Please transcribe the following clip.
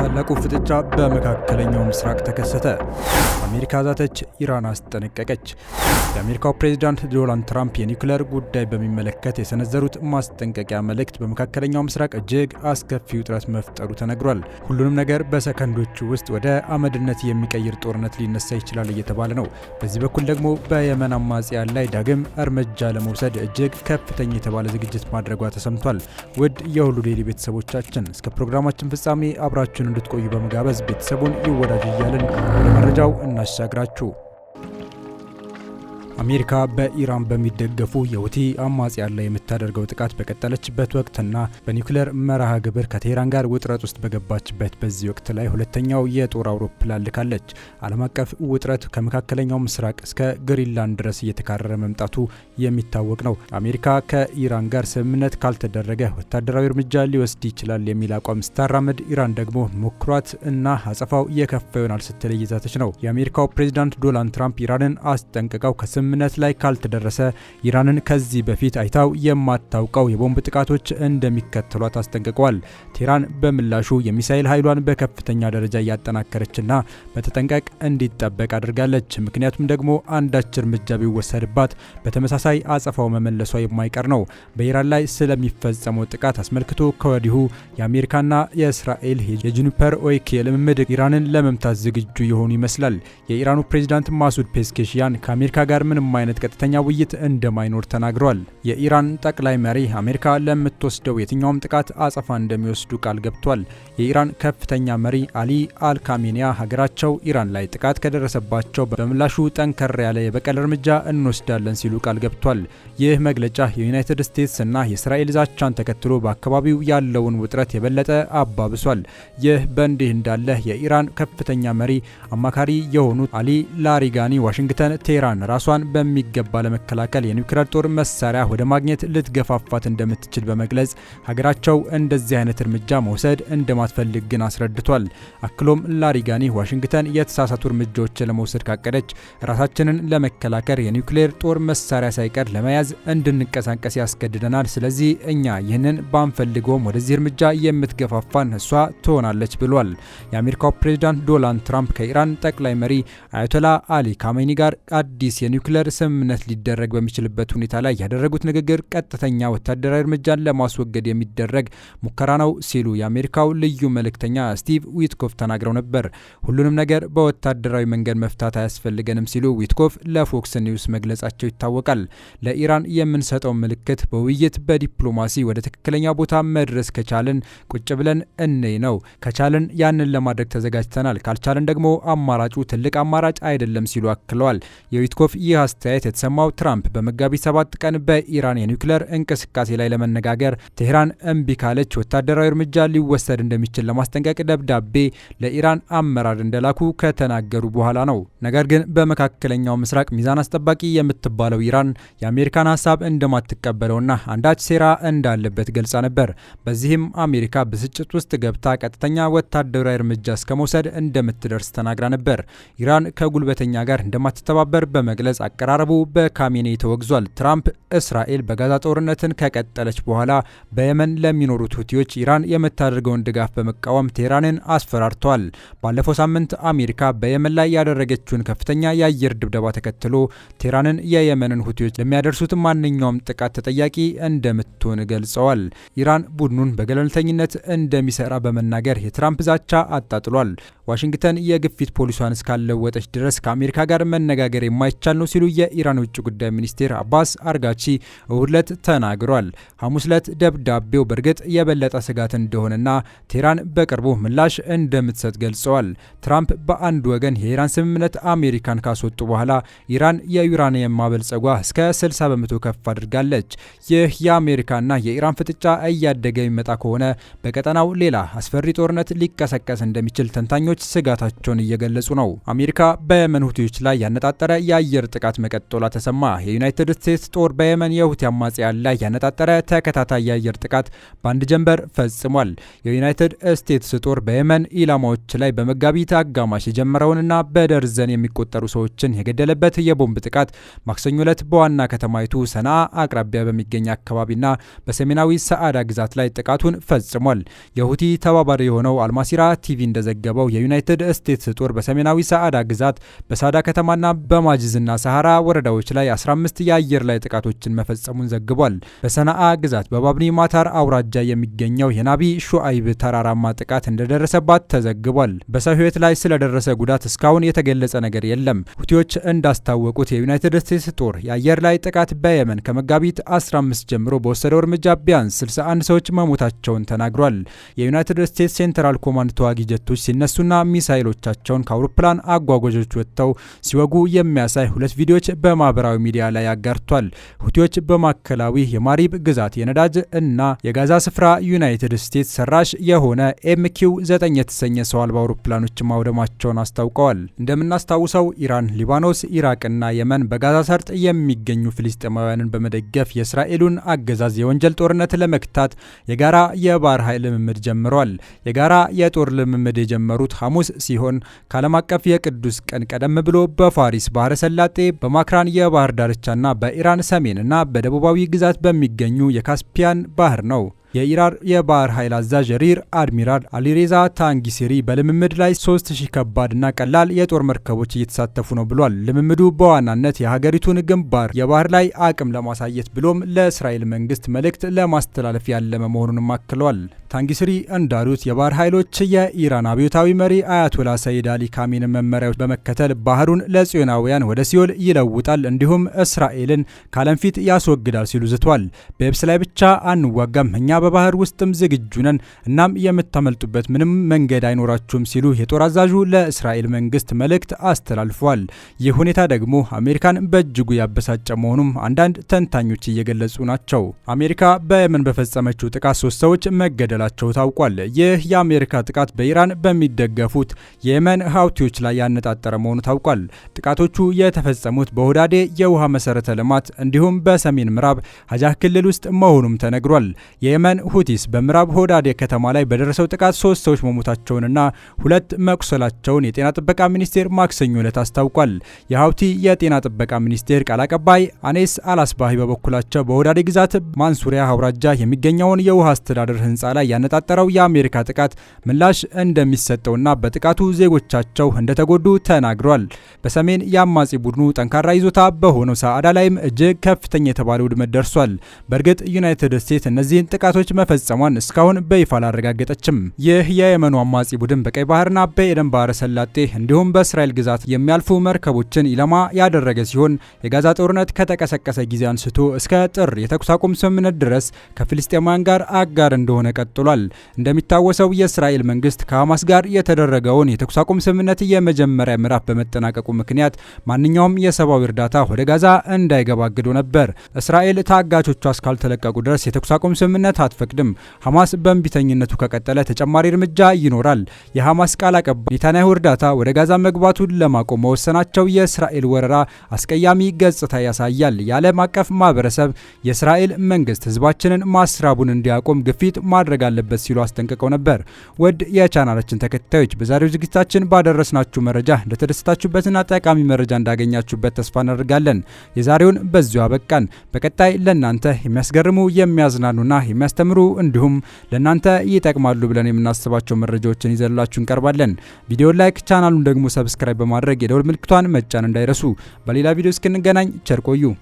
ታላቁ ፍጥጫ በመካከለኛው ምስራቅ ተከሰተ። አሜሪካ ዛተች፣ ኢራን አስጠነቀቀች። የአሜሪካው ፕሬዚዳንት ዶናልድ ትራምፕ የኒውክሌር ጉዳይ በሚመለከት የሰነዘሩት ማስጠንቀቂያ መልእክት በመካከለኛው ምስራቅ እጅግ አስከፊ ውጥረት መፍጠሩ ተነግሯል። ሁሉንም ነገር በሰከንዶቹ ውስጥ ወደ አመድነት የሚቀይር ጦርነት ሊነሳ ይችላል እየተባለ ነው። በዚህ በኩል ደግሞ በየመን አማጽያን ላይ ዳግም እርምጃ ለመውሰድ እጅግ ከፍተኛ የተባለ ዝግጅት ማድረጓ ተሰምቷል። ውድ የሁሉ ዴይሊ ቤተሰቦቻችን እስከ ፕሮግራማችን ፍጻሜ አብራችን አብራችሁን እንድትቆዩ በመጋበዝ ቤተሰቡን ይወዳጅ እያልን ወደ መረጃው እናሻግራችሁ። አሜሪካ በኢራን በሚደገፉ የሁቲ አማጽያን ላይ የምታደርገው ጥቃት በቀጠለችበት ወቅትና በኒውክሌር መርሃ ግብር ከቴህራን ጋር ውጥረት ውስጥ በገባችበት በዚህ ወቅት ላይ ሁለተኛው የጦር አውሮፕላን ልካለች። ዓለም አቀፍ ውጥረት ከመካከለኛው ምስራቅ እስከ ግሪንላንድ ድረስ እየተካረረ መምጣቱ የሚታወቅ ነው። አሜሪካ ከኢራን ጋር ስምምነት ካልተደረገ ወታደራዊ እርምጃ ሊወስድ ይችላል የሚል አቋም ስታራምድ፣ ኢራን ደግሞ ሞክሯት እና አጸፋው የከፋ ይሆናል ስትል እየዛተች ነው። የአሜሪካው ፕሬዚዳንት ዶናልድ ትራምፕ ኢራንን አስጠንቅቀው ከስም ስምምነት ላይ ካልተደረሰ ኢራንን ከዚህ በፊት አይታው የማታውቀው የቦምብ ጥቃቶች እንደሚከተሏት አስጠንቅቀዋል። ቴህራን በምላሹ የሚሳኤል ኃይሏን በከፍተኛ ደረጃ እያጠናከረችና በተጠንቀቅ እንዲጠበቅ አድርጋለች። ምክንያቱም ደግሞ አንዳች እርምጃ ቢወሰድባት በተመሳሳይ አጸፋው መመለሷ የማይቀር ነው። በኢራን ላይ ስለሚፈጸመው ጥቃት አስመልክቶ ከወዲሁ የአሜሪካና የእስራኤል የጁኒፐር ኦይክ የልምምድ ኢራንን ለመምታት ዝግጁ የሆኑ ይመስላል። የኢራኑ ፕሬዚዳንት ማሱድ ፔስኬሽያን ከአሜሪካ ጋር ምን ምንም አይነት ቀጥተኛ ውይይት እንደማይኖር ተናግሯል። የኢራን ጠቅላይ መሪ አሜሪካ ለምትወስደው የትኛውም ጥቃት አጸፋ እንደሚወስዱ ቃል ገብቷል። የኢራን ከፍተኛ መሪ አሊ አልካሜኒያ ሀገራቸው ኢራን ላይ ጥቃት ከደረሰባቸው በምላሹ ጠንከር ያለ የበቀል እርምጃ እንወስዳለን ሲሉ ቃል ገብቷል። ይህ መግለጫ የዩናይትድ ስቴትስ እና የእስራኤል ዛቻን ተከትሎ በአካባቢው ያለውን ውጥረት የበለጠ አባብሷል። ይህ በእንዲህ እንዳለ የኢራን ከፍተኛ መሪ አማካሪ የሆኑት አሊ ላሪጋኒ ዋሽንግተን ቴህራን ራሷን በሚገባ ለመከላከል የኒውክሌር ጦር መሳሪያ ወደ ማግኘት ልትገፋፋት እንደምትችል በመግለጽ ሀገራቸው እንደዚህ አይነት እርምጃ መውሰድ እንደማትፈልግ ግን አስረድቷል። አክሎም ላሪጋኒ ዋሽንግተን የተሳሳቱ እርምጃዎችን ለመውሰድ ካቀደች ራሳችንን ለመከላከል የኒውክሌር ጦር መሳሪያ ሳይቀር ለመያዝ እንድንቀሳቀስ ያስገድደናል። ስለዚህ እኛ ይህንን ባንፈልገውም ወደዚህ እርምጃ የምትገፋፋን እሷ ትሆናለች ብሏል። የአሜሪካው ፕሬዚዳንት ዶናልድ ትራምፕ ከኢራን ጠቅላይ መሪ አያቶላ አሊ ካሜኒ ጋር አዲስ የኒውክሌር ሂትለር ስምምነት ሊደረግ በሚችልበት ሁኔታ ላይ ያደረጉት ንግግር ቀጥተኛ ወታደራዊ እርምጃን ለማስወገድ የሚደረግ ሙከራ ነው ሲሉ የአሜሪካው ልዩ መልእክተኛ ስቲቭ ዊትኮፍ ተናግረው ነበር። ሁሉንም ነገር በወታደራዊ መንገድ መፍታት አያስፈልገንም ሲሉ ዊትኮፍ ለፎክስ ኒውስ መግለጻቸው ይታወቃል። ለኢራን የምንሰጠው ምልክት በውይይት በዲፕሎማሲ ወደ ትክክለኛ ቦታ መድረስ ከቻልን ቁጭ ብለን እኔ ነው ከቻልን ያንን ለማድረግ ተዘጋጅተናል፣ ካልቻልን ደግሞ አማራጩ ትልቅ አማራጭ አይደለም ሲሉ አክለዋል። የዊትኮፍ ይህ አስተያየት የተሰማው ትራምፕ በመጋቢት ሰባት ቀን በኢራን የኒውክሌር እንቅስቃሴ ላይ ለመነጋገር ቴህራን እምቢ ካለች ወታደራዊ እርምጃ ሊወሰድ እንደሚችል ለማስጠንቀቅ ደብዳቤ ለኢራን አመራር እንደላኩ ከተናገሩ በኋላ ነው። ነገር ግን በመካከለኛው ምስራቅ ሚዛን አስጠባቂ የምትባለው ኢራን የአሜሪካን ሀሳብ እንደማትቀበለውና አንዳች ሴራ እንዳለበት ገልጻ ነበር። በዚህም አሜሪካ ብስጭት ውስጥ ገብታ ቀጥተኛ ወታደራዊ እርምጃ እስከ መውሰድ እንደምትደርስ ተናግራ ነበር። ኢራን ከጉልበተኛ ጋር እንደማትተባበር በመግለጽ አቀራረቡ በካሜኔ ተወግዟል። ትራምፕ እስራኤል በጋዛ ጦርነትን ከቀጠለች በኋላ በየመን ለሚኖሩት ሁቲዎች ኢራን የምታደርገውን ድጋፍ በመቃወም ቴህራንን አስፈራርተዋል። ባለፈው ሳምንት አሜሪካ በየመን ላይ ያደረገችውን ከፍተኛ የአየር ድብደባ ተከትሎ ቴህራንን የየመንን ሁቲዎች ለሚያደርሱት ማንኛውም ጥቃት ተጠያቂ እንደምትሆን ገልጸዋል። ኢራን ቡድኑን በገለልተኝነት እንደሚሰራ በመናገር የትራምፕ ዛቻ አጣጥሏል። ዋሽንግተን የግፊት ፖሊሷን እስካለወጠች ድረስ ከአሜሪካ ጋር መነጋገር የማይቻል ነው ሲሉ የኢራን ውጭ ጉዳይ ሚኒስቴር አባስ አርጋቺ እሁድ ዕለት ተናግሯል። ሐሙስ ዕለት ደብዳቤው በእርግጥ የበለጠ ስጋት እንደሆነና ቴህራን በቅርቡ ምላሽ እንደምትሰጥ ገልጸዋል። ትራምፕ በአንድ ወገን የኢራን ስምምነት አሜሪካን ካስወጡ በኋላ ኢራን የዩራኒየም ማበልጸጓ እስከ 60 በመቶ ከፍ አድርጋለች። ይህ የአሜሪካና የኢራን ፍጥጫ እያደገ የሚመጣ ከሆነ በቀጠናው ሌላ አስፈሪ ጦርነት ሊቀሰቀስ እንደሚችል ተንታኞች ስጋታቸውን እየገለጹ ነው። አሜሪካ በየመን ሁቲዎች ላይ ያነጣጠረ የአየር ጥቃት ጥቃት መቀጠሏ ተሰማ። የዩናይትድ ስቴትስ ጦር በየመን የሁቲ አማጽያን ላይ ያነጣጠረ ተከታታይ የአየር ጥቃት በአንድ ጀንበር ፈጽሟል። የዩናይትድ ስቴትስ ጦር በየመን ኢላማዎች ላይ በመጋቢት አጋማሽ የጀመረውንና በደርዘን የሚቆጠሩ ሰዎችን የገደለበት የቦምብ ጥቃት ማክሰኞ ዕለት በዋና ከተማይቱ ሰናአ አቅራቢያ በሚገኝ አካባቢና በሰሜናዊ ሰዓዳ ግዛት ላይ ጥቃቱን ፈጽሟል። የሁቲ ተባባሪ የሆነው አልማሲራ ቲቪ እንደዘገበው የዩናይትድ ስቴትስ ጦር በሰሜናዊ ሰዓዳ ግዛት በሳዳ ከተማና በማጅዝና ሰሃ ሰሐራ ወረዳዎች ላይ 15 የአየር ላይ ጥቃቶችን መፈጸሙን ዘግቧል። በሰናአ ግዛት በባብኒ ማታር አውራጃ የሚገኘው የናቢ ሹአይብ ተራራማ ጥቃት እንደደረሰባት ተዘግቧል። በሰው ሕይወት ላይ ስለደረሰ ጉዳት እስካሁን የተገለጸ ነገር የለም። ሁቲዎች እንዳስታወቁት የዩናይትድ ስቴትስ ጦር የአየር ላይ ጥቃት በየመን ከመጋቢት 15 ጀምሮ በወሰደው እርምጃ ቢያንስ 61 ሰዎች መሞታቸውን ተናግሯል። የዩናይትድ ስቴትስ ሴንትራል ኮማንድ ተዋጊ ጀቶች ሲነሱና ሚሳይሎቻቸውን ከአውሮፕላን አጓጓዦች ወጥተው ሲወጉ የሚያሳይ ሁለት ቪዲዮዎች በማህበራዊ ሚዲያ ላይ አጋርቷል። ሁቲዎች በማዕከላዊ የማሪብ ግዛት የነዳጅ እና የጋዛ ስፍራ ዩናይትድ ስቴትስ ሰራሽ የሆነ ኤምኪው ዘጠኝ የተሰኘ ሰው አልባ አውሮፕላኖች ማውደማቸውን አስታውቀዋል። እንደምናስታውሰው ኢራን፣ ሊባኖስ፣ ኢራቅና የመን በጋዛ ሰርጥ የሚገኙ ፊልስጤማውያንን በመደገፍ የእስራኤሉን አገዛዝ የወንጀል ጦርነት ለመክታት የጋራ የባህር ኃይል ልምምድ ጀምረዋል። የጋራ የጦር ልምምድ የጀመሩት ሐሙስ ሲሆን ከዓለም አቀፍ የቅዱስ ቀን ቀደም ብሎ በፋሪስ ባህረ ሰላጤ በማክራን የባህር ዳርቻና በኢራን ሰሜንና በደቡባዊ ግዛት በሚገኙ የካስፒያን ባህር ነው። የኢራን የባህር ኃይል አዛዥ ሪር አድሚራል አሊሬዛ ታንጊሲሪ በልምምድ ላይ 3000 ከባድና ቀላል የጦር መርከቦች እየተሳተፉ ነው ብሏል። ልምምዱ በዋናነት የሀገሪቱን ግንባር የባህር ላይ አቅም ለማሳየት ብሎም ለእስራኤል መንግስት መልእክት ለማስተላለፍ ያለመ መሆኑንም አክለዋል። ታንጊስሪ እንዳሉት የባህር ኃይሎች የኢራን አብዮታዊ መሪ አያቶላ ሰይድ አሊ ካሚንን መመሪያዎች በመከተል ባህሩን ለጽዮናውያን ወደ ሲኦል ይለውጣል፣ እንዲሁም እስራኤልን ከዓለም ፊት ያስወግዳል ሲሉ ዝቷል። በየብስ ላይ ብቻ አንዋጋም፣ እኛ በባህር ውስጥም ዝግጁ ነን፣ እናም የምታመልጡበት ምንም መንገድ አይኖራችሁም ሲሉ የጦር አዛዡ ለእስራኤል መንግስት መልእክት አስተላልፏል። ይህ ሁኔታ ደግሞ አሜሪካን በእጅጉ ያበሳጨ መሆኑም አንዳንድ ተንታኞች እየገለጹ ናቸው። አሜሪካ በየመን በፈጸመችው ጥቃት ሶስት ሰዎች መገደል መገደላቸው ታውቋል። ይህ የአሜሪካ ጥቃት በኢራን በሚደገፉት የየመን ሀውቲዎች ላይ ያነጣጠረ መሆኑ ታውቋል። ጥቃቶቹ የተፈጸሙት በሆዳዴ የውሃ መሰረተ ልማት እንዲሁም በሰሜን ምዕራብ ሀጃህ ክልል ውስጥ መሆኑም ተነግሯል። የየመን ሁቲስ በምዕራብ ሆዳዴ ከተማ ላይ በደረሰው ጥቃት ሶስት ሰዎች መሞታቸውንና ሁለት መቁሰላቸውን የጤና ጥበቃ ሚኒስቴር ማክሰኞ ዕለት አስታውቋል። የሀውቲ የጤና ጥበቃ ሚኒስቴር ቃል አቀባይ አኔስ አላስባሂ በበኩላቸው በሆዳዴ ግዛት ማንሱሪያ አውራጃ የሚገኘውን የውሃ አስተዳደር ህንፃ ላይ ላይ ያነጣጠረው የአሜሪካ ጥቃት ምላሽ እንደሚሰጠውና በጥቃቱ ዜጎቻቸው እንደተጎዱ ተናግሯል። በሰሜን የአማጺ ቡድኑ ጠንካራ ይዞታ በሆነው ሳዕዳ ላይም እጅግ ከፍተኛ የተባለ ውድመት ደርሷል። በእርግጥ ዩናይትድ ስቴትስ እነዚህን ጥቃቶች መፈጸሟን እስካሁን በይፋ አላረጋገጠችም። ይህ የየመኑ አማጺ ቡድን በቀይ ባህርና በኤደን ባህረ ሰላጤ እንዲሁም በእስራኤል ግዛት የሚያልፉ መርከቦችን ኢላማ ያደረገ ሲሆን የጋዛ ጦርነት ከተቀሰቀሰ ጊዜ አንስቶ እስከ ጥር የተኩስ አቁም ስምምነት ድረስ ከፊልስጤማውያን ጋር አጋር እንደሆነ ቀጥሏል። ቀጥሏል። እንደሚታወሰው የእስራኤል መንግስት ከሐማስ ጋር የተደረገውን የተኩስ አቁም ስምምነት የመጀመሪያ ምዕራፍ በመጠናቀቁ ምክንያት ማንኛውም የሰብአዊ እርዳታ ወደ ጋዛ እንዳይገባግዱ ነበር። እስራኤል ታጋቾቿ እስካልተለቀቁ ድረስ የተኩስ አቁም ስምምነት አትፈቅድም። ሐማስ በእንቢተኝነቱ ከቀጠለ ተጨማሪ እርምጃ ይኖራል። የሐማስ ቃል አቀባይ ኔታንያሁ እርዳታ ወደ ጋዛ መግባቱን ለማቆም መወሰናቸው የእስራኤል ወረራ አስቀያሚ ገጽታ ያሳያል። የዓለም አቀፍ ማህበረሰብ የእስራኤል መንግስት ህዝባችንን ማስራቡን እንዲያቆም ግፊት ማድረጋል እንዳለበት ሲሉ አስጠንቅቀው ነበር። ውድ የቻናላችን ተከታዮች በዛሬው ዝግጅታችን ባደረስናችሁ መረጃ እንደተደሰታችሁበትና ጠቃሚ መረጃ እንዳገኛችሁበት ተስፋ እናደርጋለን። የዛሬውን በዚሁ አበቃን። በቀጣይ ለእናንተ የሚያስገርሙ የሚያዝናኑና የሚያስተምሩ እንዲሁም ለእናንተ ይጠቅማሉ ብለን የምናስባቸው መረጃዎችን ይዘላችሁ እንቀርባለን። ቪዲዮ ላይክ፣ ቻናሉን ደግሞ ሰብስክራይብ በማድረግ የደውል ምልክቷን መጫን እንዳይረሱ። በሌላ ቪዲዮ እስክንገናኝ ቸር ቆዩ።